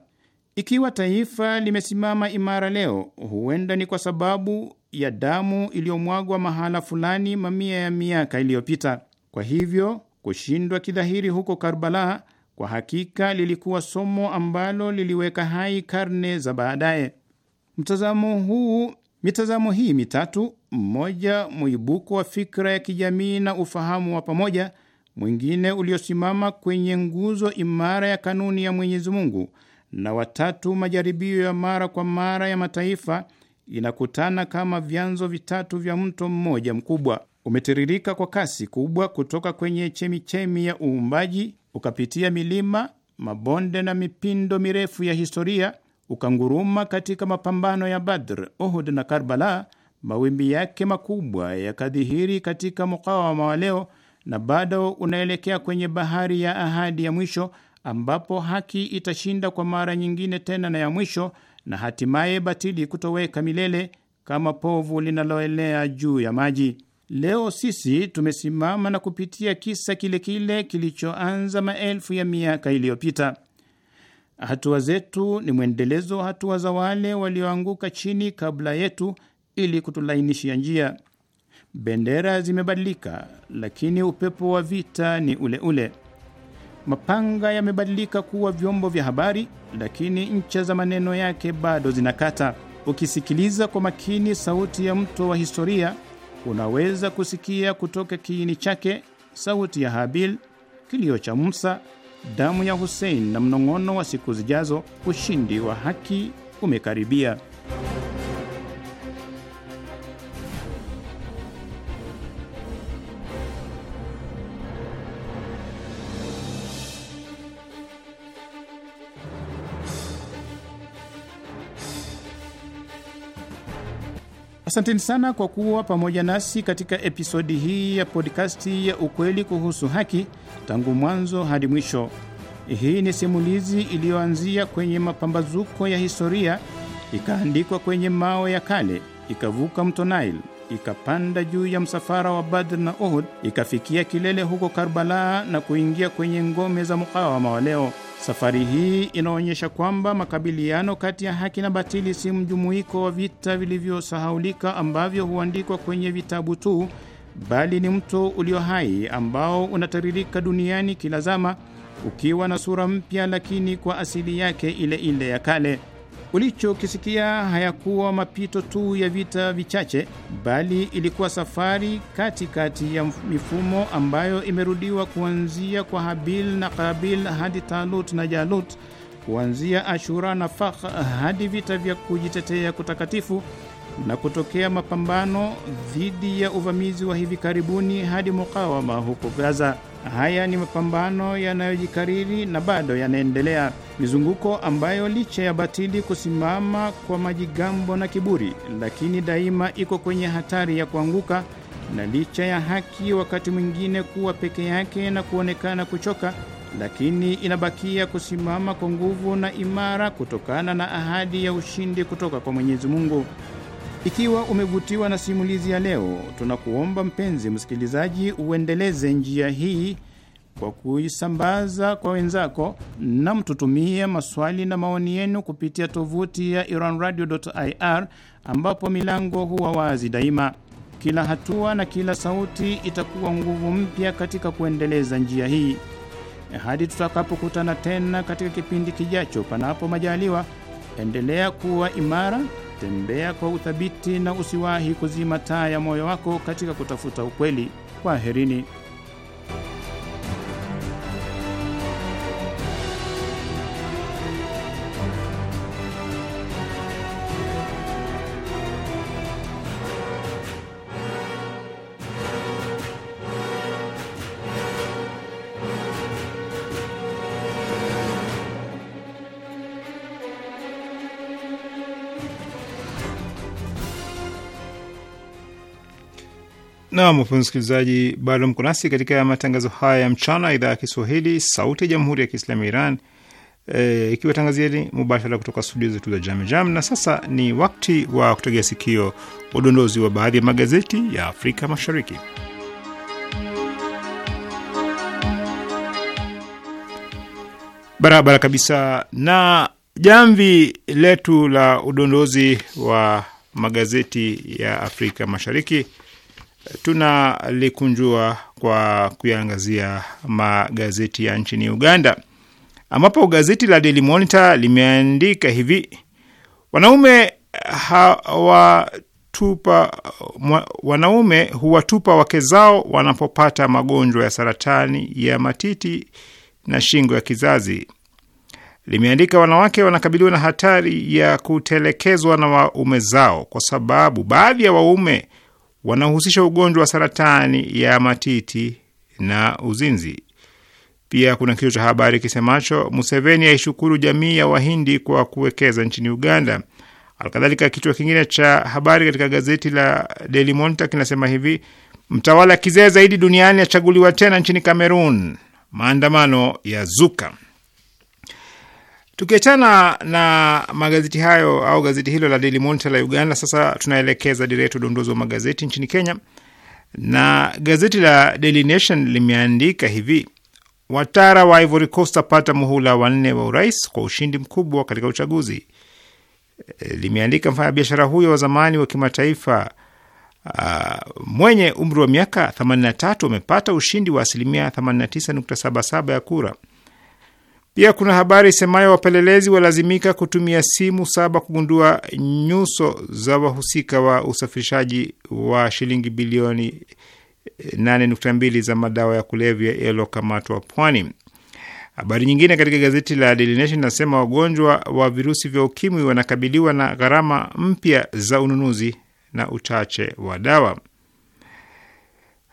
Ikiwa taifa limesimama imara leo, huenda ni kwa sababu ya damu iliyomwagwa mahala fulani mamia ya miaka iliyopita. Kwa hivyo kushindwa kidhahiri huko Karbala kwa hakika lilikuwa somo ambalo liliweka hai karne za baadaye. Mtazamo huu Mitazamo hii mitatu, mmoja mwibuko wa fikra ya kijamii na ufahamu wa pamoja, mwingine uliosimama kwenye nguzo imara ya kanuni ya Mwenyezi Mungu, na watatu majaribio ya mara kwa mara ya mataifa, inakutana kama vyanzo vitatu vya mto mmoja mkubwa. Umetiririka kwa kasi kubwa kutoka kwenye chemichemi ya uumbaji, ukapitia milima, mabonde na mipindo mirefu ya historia ukanguruma katika mapambano ya Badr, Uhud na Karbala, mawimbi yake makubwa yakadhihiri katika mukawama wa leo na bado unaelekea kwenye bahari ya ahadi ya mwisho ambapo haki itashinda kwa mara nyingine tena na ya mwisho, na hatimaye batili kutoweka milele kama povu linaloelea juu ya maji. Leo sisi tumesimama na kupitia kisa kile kile kilichoanza maelfu ya miaka iliyopita. Hatua zetu ni mwendelezo wa hatua za wale walioanguka chini kabla yetu, ili kutulainishia njia. Bendera zimebadilika, lakini upepo wa vita ni ule ule. Mapanga yamebadilika kuwa vyombo vya habari, lakini ncha za maneno yake bado zinakata. Ukisikiliza kwa makini sauti ya mto wa historia, unaweza kusikia kutoka kiini chake sauti ya Habil, kilio cha Musa damu ya Hussein na mnong'ono wa siku zijazo, ushindi wa haki umekaribia. Asanteni sana kwa kuwa pamoja nasi katika episodi hii ya podkasti ya ukweli kuhusu haki, tangu mwanzo hadi mwisho. Hii ni simulizi iliyoanzia kwenye mapambazuko ya historia, ikaandikwa kwenye mawe ya kale, ikavuka mto Nile ikapanda juu ya msafara wa Badr na Uhud, ikafikia kilele huko Karbala na kuingia kwenye ngome za mukawama wa leo. Safari hii inaonyesha kwamba makabiliano kati ya haki na batili si mjumuiko wa vita vilivyosahaulika ambavyo huandikwa kwenye vitabu tu, bali ni mto ulio hai ambao unatiririka duniani kila zama ukiwa na sura mpya, lakini kwa asili yake ile ile ya kale. Ulichokisikia hayakuwa mapito tu ya vita vichache, bali ilikuwa safari katikati kati ya mifumo ambayo imerudiwa kuanzia kwa Habil na Kabil hadi Talut na Jalut, kuanzia Ashura na Fakh hadi vita vya kujitetea kutakatifu na kutokea mapambano dhidi ya uvamizi wa hivi karibuni hadi mukawama huko Gaza. Haya ni mapambano yanayojikariri na bado yanaendelea, mizunguko ambayo licha ya batili kusimama kwa majigambo na kiburi, lakini daima iko kwenye hatari ya kuanguka, na licha ya haki wakati mwingine kuwa peke yake na kuonekana kuchoka lakini inabakia kusimama kwa nguvu na imara kutokana na ahadi ya ushindi kutoka kwa Mwenyezi Mungu. Ikiwa umevutiwa na simulizi ya leo, tunakuomba mpenzi msikilizaji, uendeleze njia hii kwa kuisambaza kwa wenzako na mtutumie maswali na maoni yenu kupitia tovuti ya iranradio.ir ambapo milango huwa wazi daima. Kila hatua na kila sauti itakuwa nguvu mpya katika kuendeleza njia hii. Hadi tutakapokutana tena katika kipindi kijacho, panapo majaliwa. Endelea kuwa imara, tembea kwa uthabiti na usiwahi kuzima taa ya moyo wako katika kutafuta ukweli. Kwaherini. Na mpenzi msikilizaji, bado mko nasi katika matangazo haya ya mchana, idhaa ya Kiswahili, sauti ya jamhuri ya kiislamu ya Iran e, eh, ikiwatangazieni mubashara kutoka studio zetu za jamjam Na sasa ni wakti wa kutegea sikio udondozi wa baadhi ya magazeti ya Afrika Mashariki. Barabara kabisa na jamvi letu la udondozi wa magazeti ya Afrika Mashariki tunalikunjua kwa kuyaangazia magazeti ya nchini Uganda, ambapo gazeti la Daily Monitor limeandika hivi: wanaume hawatupa wanaume huwatupa wake zao wanapopata magonjwa ya saratani ya matiti na shingo ya kizazi. Limeandika wanawake wanakabiliwa na hatari ya kutelekezwa na waume zao kwa sababu baadhi ya waume wanahusisha ugonjwa wa saratani ya matiti na uzinzi. Pia kuna kichwa cha habari kisemacho Museveni aishukuru jamii ya Wahindi kwa kuwekeza nchini Uganda. Alkadhalika, kichwa kingine cha habari katika gazeti la Daily Monitor kinasema hivi: mtawala kizee zaidi duniani achaguliwa tena nchini cameron maandamano ya zuka. Tukiachana na magazeti hayo au gazeti hilo la Daily Monitor la Uganda, sasa tunaelekeza dira yetu udondozi wa magazeti nchini Kenya, na gazeti la Daily Nation limeandika hivi: Watara wa Ivory Coast apata muhula wanne wa urais kwa ushindi mkubwa katika uchaguzi. Eh, limeandika mfanyabiashara huyo wa zamani wa kimataifa uh, mwenye umri wa miaka 83 amepata ushindi wa asilimia 89.77 ya kura pia kuna habari isemayo wapelelezi walazimika kutumia simu saba kugundua nyuso za wahusika wa usafirishaji wa shilingi bilioni 8.2 za madawa ya kulevya yaliyokamatwa pwani. Habari nyingine katika gazeti la Daily Nation nasema wagonjwa wa virusi vya ukimwi wanakabiliwa na gharama mpya za ununuzi na uchache wa dawa.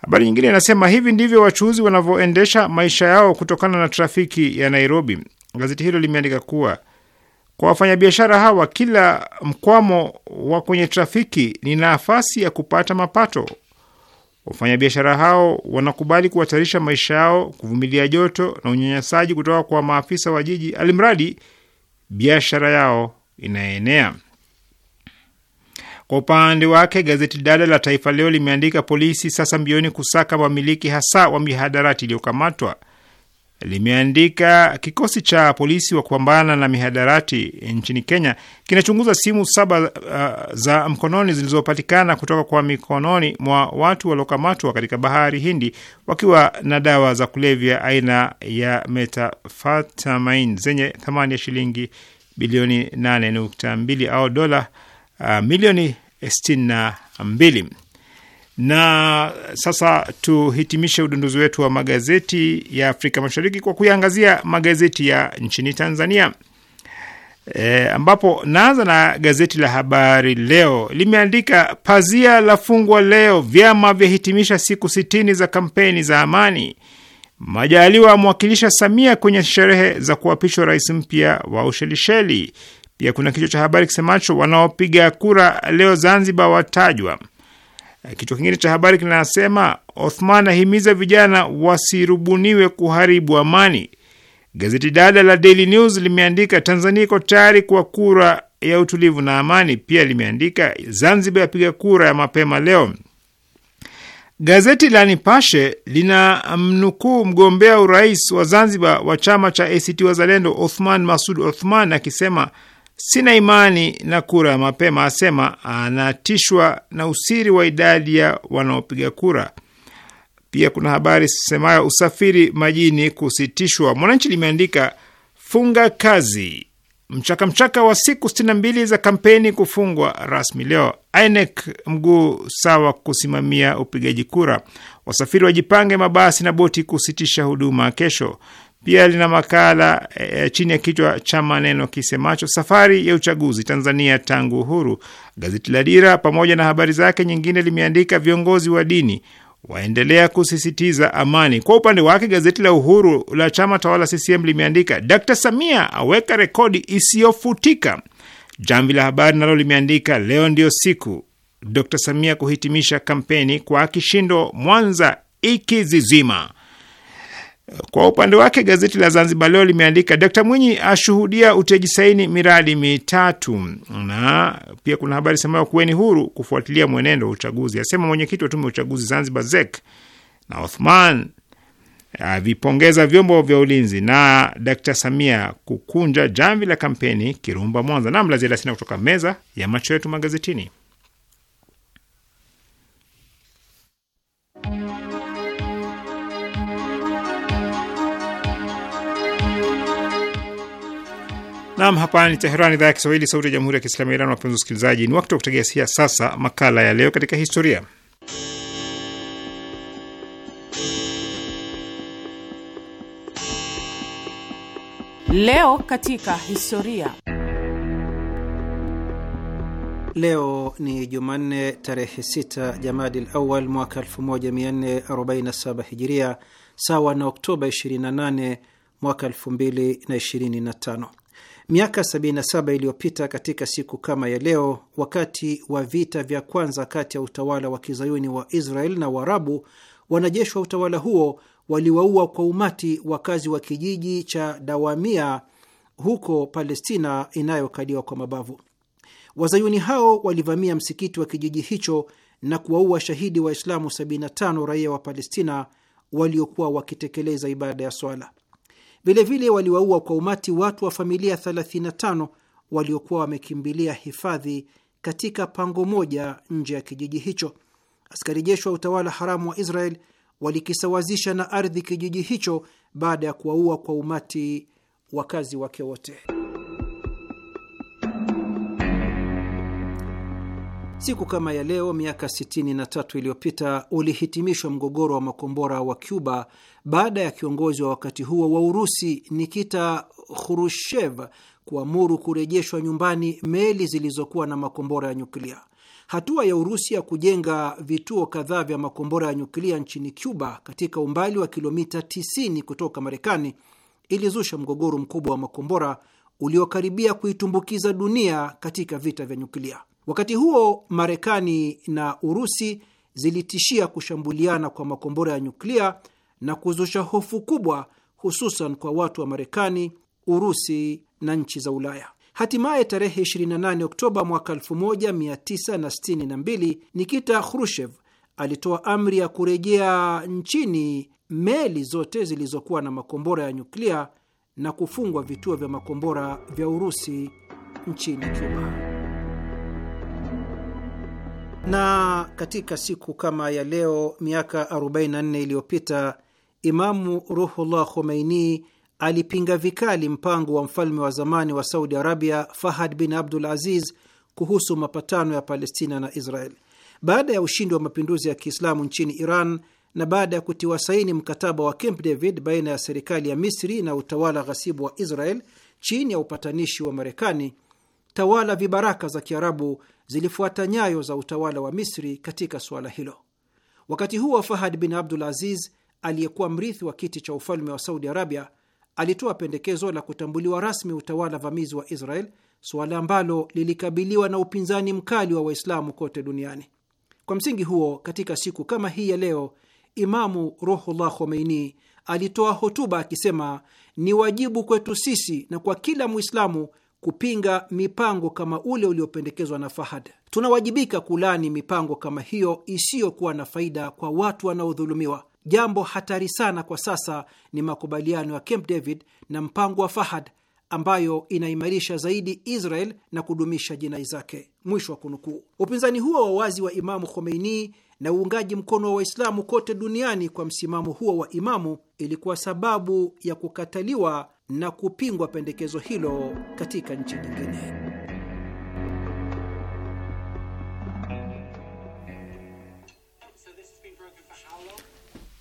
Habari nyingine inasema hivi ndivyo wachuuzi wanavyoendesha maisha yao kutokana na trafiki ya Nairobi. Gazeti hilo limeandika kuwa kwa wafanyabiashara hawa kila mkwamo wa kwenye trafiki ni nafasi ya kupata mapato. Wafanyabiashara hao wanakubali kuhatarisha maisha yao, kuvumilia joto na unyanyasaji kutoka kwa maafisa wa jiji, alimradi biashara yao inaenea. Kwa upande wake gazeti dada la Taifa Leo limeandika polisi sasa mbioni kusaka wamiliki hasa wa mihadarati iliyokamatwa. Limeandika kikosi cha polisi wa kupambana na mihadarati nchini Kenya kinachunguza simu saba uh, za mkononi zilizopatikana kutoka kwa mikononi mwa watu waliokamatwa katika bahari Hindi wakiwa na dawa za kulevya aina ya metafetamin zenye thamani ya shilingi bilioni 8.2 au dola uh, milioni na mbili. Na sasa tuhitimishe udunduzi wetu wa magazeti ya Afrika Mashariki kwa kuyangazia magazeti ya nchini Tanzania. E, ambapo naanza na gazeti la Habari Leo limeandika pazia la fungwa leo, vyama vyahitimisha siku sitini za kampeni za amani. Majaliwa amwakilisha Samia kwenye sherehe za kuapishwa rais mpya wa Ushelisheli. Pia kuna kichwa cha habari kisemacho wanaopiga kura leo Zanzibar watajwa. Kichwa kingine cha habari kinasema Othman ahimiza vijana wasirubuniwe kuharibu amani. Gazeti dada la Daily News limeandika Tanzania iko tayari kwa kura ya utulivu na amani. Pia limeandika Zanzibar yapiga kura ya mapema leo. Gazeti la Nipashe lina mnukuu mgombea urais wa Zanzibar wa chama cha ACT Wazalendo Othman Masud Othman akisema Sina imani na kura ya mapema, asema anatishwa na usiri wa idadi ya wanaopiga kura. Pia kuna habari semayo usafiri majini kusitishwa. Mwananchi limeandika funga kazi, mchakamchaka mchaka wa siku 62 za kampeni kufungwa rasmi leo. INEC mguu sawa kusimamia upigaji kura, wasafiri wajipange, mabasi na boti kusitisha huduma kesho. Pia lina makala e, chini ya kichwa cha maneno kisemacho safari ya uchaguzi Tanzania tangu uhuru. Gazeti la Dira pamoja na habari zake nyingine limeandika viongozi wa dini waendelea kusisitiza amani. Kwa upande wake gazeti la Uhuru la chama tawala CCM limeandika Dkt Samia aweka rekodi isiyofutika. Jamvi la Habari nalo limeandika leo ndio siku Dkt Samia kuhitimisha kampeni kwa kishindo, Mwanza ikizizima. Kwa upande wake gazeti la Zanzibar Leo limeandika Dkt Mwinyi ashuhudia uteji saini miradi mitatu, na pia kuna habari semayo kuweni huru kufuatilia mwenendo wa uchaguzi, asema mwenyekiti wa tume ya uchaguzi Zanzibar ZEC, na Othman avipongeza ah, vyombo vya ulinzi na Dkt Samia kukunja jamvi la kampeni Kirumba Mwanza. Namlaziada sina kutoka meza ya macho yetu magazetini. Nam, hapa ni Teheran, idhaa ya Kiswahili, sauti ya jamhuri ya kiislamu ya Iran. Wapenzi wasikilizaji, ni wakati wa kutegea sia sasa makala ya leo katika historia. Leo katika historia. Leo ni Jumanne tarehe 6 Jamadil Awal mwaka 1447 Hijiria, sawa na Oktoba 28 mwaka 2025. Miaka 77 iliyopita katika siku kama ya leo, wakati wa vita vya kwanza kati ya utawala wa kizayuni wa Israel na Waarabu, wanajeshi wa utawala huo waliwaua kwa umati wakazi wa kijiji cha Dawamia huko Palestina inayokaliwa kwa mabavu. Wazayuni hao walivamia msikiti wa kijiji hicho na kuwaua shahidi Waislamu 75 raia wa Palestina waliokuwa wakitekeleza ibada ya swala. Vilevile waliwaua kwa umati watu wa familia 35 waliokuwa wamekimbilia hifadhi katika pango moja nje ya kijiji hicho. Askari jeshi wa utawala haramu wa Israel walikisawazisha na ardhi kijiji hicho baada ya kuwaua kwa umati wakazi wake wote. Siku kama ya leo miaka 63 iliyopita ulihitimishwa mgogoro wa makombora wa Cuba baada ya kiongozi wa wakati huo wa Urusi Nikita Khrushchev kuamuru kurejeshwa nyumbani meli zilizokuwa na makombora ya nyuklia. Hatua ya Urusi ya kujenga vituo kadhaa vya makombora ya nyuklia nchini Cuba katika umbali wa kilomita 90 kutoka Marekani ilizusha mgogoro mkubwa wa makombora uliokaribia kuitumbukiza dunia katika vita vya nyuklia. Wakati huo Marekani na Urusi zilitishia kushambuliana kwa makombora ya nyuklia na kuzusha hofu kubwa, hususan kwa watu wa Marekani, Urusi na nchi za Ulaya. Hatimaye tarehe 28 Oktoba mwaka 1962 Nikita Khrushchev alitoa amri ya kurejea nchini meli zote zilizokuwa na makombora ya nyuklia na kufungwa vituo vya makombora vya Urusi nchini Cuba. Na katika siku kama ya leo miaka 44 iliyopita Imamu Ruhullah Khomeini alipinga vikali mpango wa mfalme wa zamani wa Saudi Arabia Fahad bin Abdul Aziz kuhusu mapatano ya Palestina na Israel. Baada ya ushindi wa mapinduzi ya Kiislamu nchini Iran na baada ya kutiwa saini mkataba wa Camp David baina ya serikali ya Misri na utawala ghasibu wa Israel chini ya upatanishi wa Marekani, tawala vibaraka za Kiarabu zilifuata nyayo za utawala wa Misri katika suala hilo. Wakati huo Fahad bin Abdul Aziz aliyekuwa mrithi wa kiti cha ufalme wa Saudi Arabia alitoa pendekezo la kutambuliwa rasmi utawala vamizi wa Israel, suala ambalo lilikabiliwa na upinzani mkali wa Waislamu kote duniani. Kwa msingi huo, katika siku kama hii ya leo, Imamu Ruhullah Khomeini alitoa hotuba akisema, ni wajibu kwetu sisi na kwa kila Mwislamu kupinga mipango kama ule uliopendekezwa na Fahad. Tunawajibika kulani mipango kama hiyo isiyokuwa na faida kwa watu wanaodhulumiwa. Jambo hatari sana kwa sasa ni makubaliano ya Camp David na mpango wa Fahad ambayo inaimarisha zaidi Israel na kudumisha jinai zake. Mwisho wa kunukuu. Upinzani huo wa wazi wa Imamu Khomeini na uungaji mkono wa Waislamu kote duniani kwa msimamo huo wa Imamu ilikuwa sababu ya kukataliwa na kupingwa pendekezo hilo katika nchi nyingine.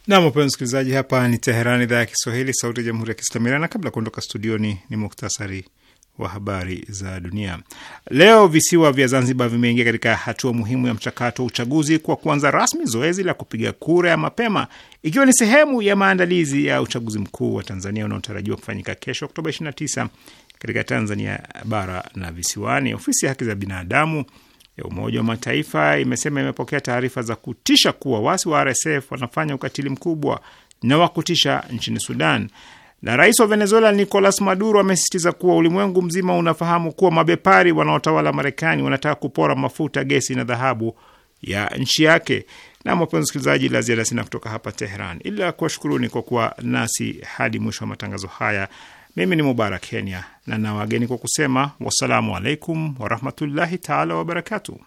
Nam, wapenzi msikilizaji, hapa ni Teheran, idhaa ya Kiswahili, sauti ya jamhuri ya kiislamu Iran. Na kabla ya kuondoka studioni, ni, ni muktasari wa habari za dunia. Leo visiwa vya Zanzibar vimeingia katika hatua muhimu ya mchakato wa uchaguzi kwa kuanza rasmi zoezi la kupiga kura ya mapema, ikiwa ni sehemu ya maandalizi ya uchaguzi mkuu wa Tanzania unaotarajiwa kufanyika kesho Oktoba 29 katika Tanzania bara na visiwani. Ofisi ya haki za binadamu ya Umoja wa Mataifa imesema imepokea taarifa za kutisha kuwa wasi wa RSF wanafanya ukatili mkubwa na wa kutisha nchini Sudan. Na rais wa Venezuela Nicolas Maduro amesisitiza kuwa ulimwengu mzima unafahamu kuwa mabepari wanaotawala Marekani wanataka kupora mafuta, gesi na dhahabu ya nchi yake. Na wapenzi wasikilizaji, la ziada sina kutoka hapa Teheran ila kuwashukuruni kwa kuwa nasi hadi mwisho wa matangazo haya. Mimi ni Mubarak Kenya na nawageni kwa kusema wassalamu alaikum warahmatullahi taala wabarakatu.